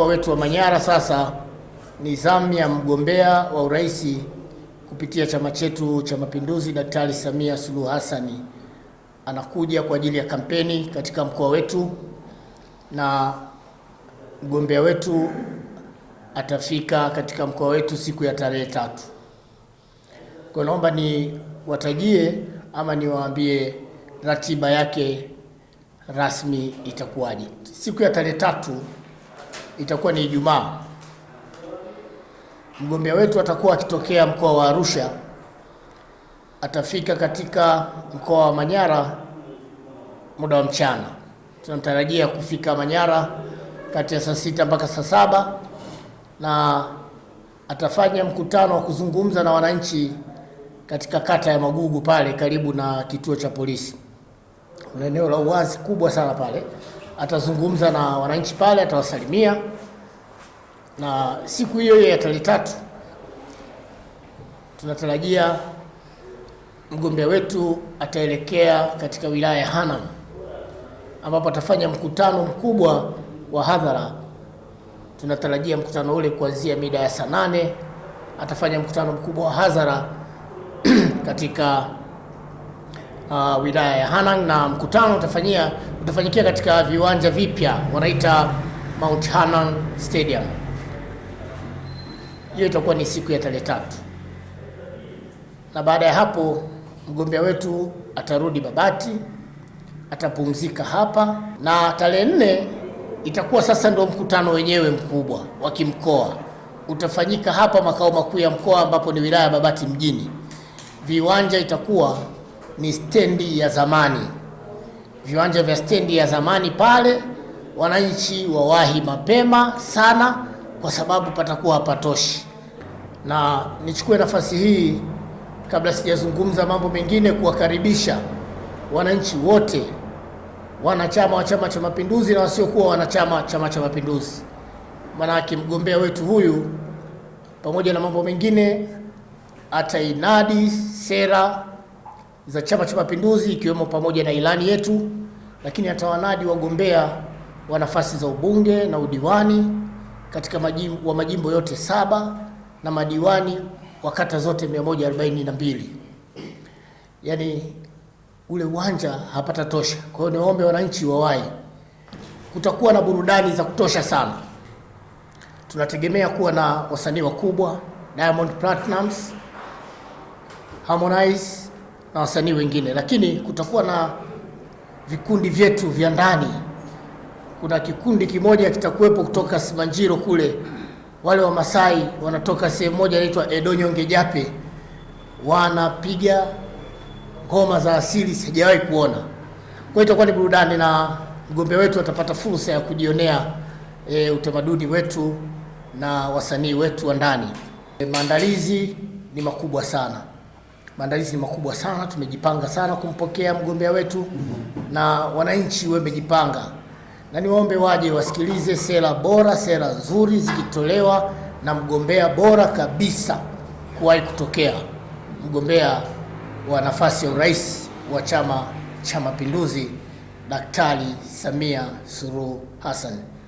mkoa wetu wa Manyara sasa ni zamu ya mgombea wa urais kupitia chama chetu cha Mapinduzi, Daktari Samia Suluhu Hassani anakuja kwa ajili ya kampeni katika mkoa wetu, na mgombea wetu atafika katika mkoa wetu siku ya tarehe tatu. Kwa naomba ni watajie ama niwaambie ratiba yake rasmi itakuwaje siku ya tarehe tatu itakuwa ni Ijumaa. Mgombea wetu atakuwa akitokea mkoa wa Arusha, atafika katika mkoa wa Manyara muda wa mchana. Tunamtarajia kufika Manyara kati ya saa sita mpaka saa saba na atafanya mkutano wa kuzungumza na wananchi katika kata ya Magugu pale karibu na kituo cha polisi. Kuna eneo la uwazi kubwa sana pale atazungumza na wananchi pale, atawasalimia na siku hiyo hiyo ya tarehe tatu tunatarajia mgombea wetu ataelekea katika wilaya ya Hanang ambapo atafanya mkutano mkubwa wa hadhara. Tunatarajia mkutano ule kuanzia mida ya saa nane atafanya mkutano mkubwa wa hadhara katika uh, wilaya ya Hanang na mkutano utafanyia utafanyikia katika viwanja vipya wanaita Mount Hanang Stadium. Hiyo itakuwa ni siku ya tarehe tatu, na baada ya hapo mgombea wetu atarudi Babati, atapumzika hapa, na tarehe nne itakuwa sasa ndio mkutano wenyewe mkubwa wa kimkoa utafanyika hapa makao makuu ya mkoa ambapo ni wilaya ya Babati mjini. Viwanja itakuwa ni stendi ya zamani, viwanja vya stendi ya zamani pale. Wananchi wawahi mapema sana, kwa sababu patakuwa hapatoshi. Na nichukue nafasi hii kabla sijazungumza mambo mengine, kuwakaribisha wananchi wote wanachama wa Chama cha Mapinduzi na wasiokuwa wanachama Chama cha Mapinduzi. Maanake mgombea wetu huyu pamoja na mambo mengine atainadi sera za Chama cha Mapinduzi ikiwemo pamoja na ilani yetu, lakini hata wanadi wagombea wa nafasi za ubunge na udiwani katika majim, wa majimbo yote saba na madiwani wa kata zote 142. Yaani ule uwanja hapata tosha. Kwa hiyo niombe wananchi wawai kutakuwa na burudani za kutosha sana. Tunategemea kuwa na wasanii wakubwa Diamond Platnumz, Harmonize na wasanii wengine, lakini kutakuwa na vikundi vyetu vya ndani. Kuna kikundi kimoja kitakuwepo kutoka Simanjiro kule, wale wa Masai wanatoka sehemu moja inaitwa Edonyonge Jape, wanapiga ngoma za asili sijawahi kuona. Kwa hiyo itakuwa ni burudani na mgombea wetu atapata fursa ya kujionea e, utamaduni wetu na wasanii wetu wa ndani. E, maandalizi ni makubwa sana maandalizi ni makubwa sana, tumejipanga sana kumpokea mgombea wetu na wananchi wamejipanga, na niwaombe waje wasikilize sera bora, sera nzuri zikitolewa na mgombea bora kabisa kuwahi kutokea, mgombea wa nafasi ya urais wa Chama cha Mapinduzi, Daktari Samia Suluhu Hassan.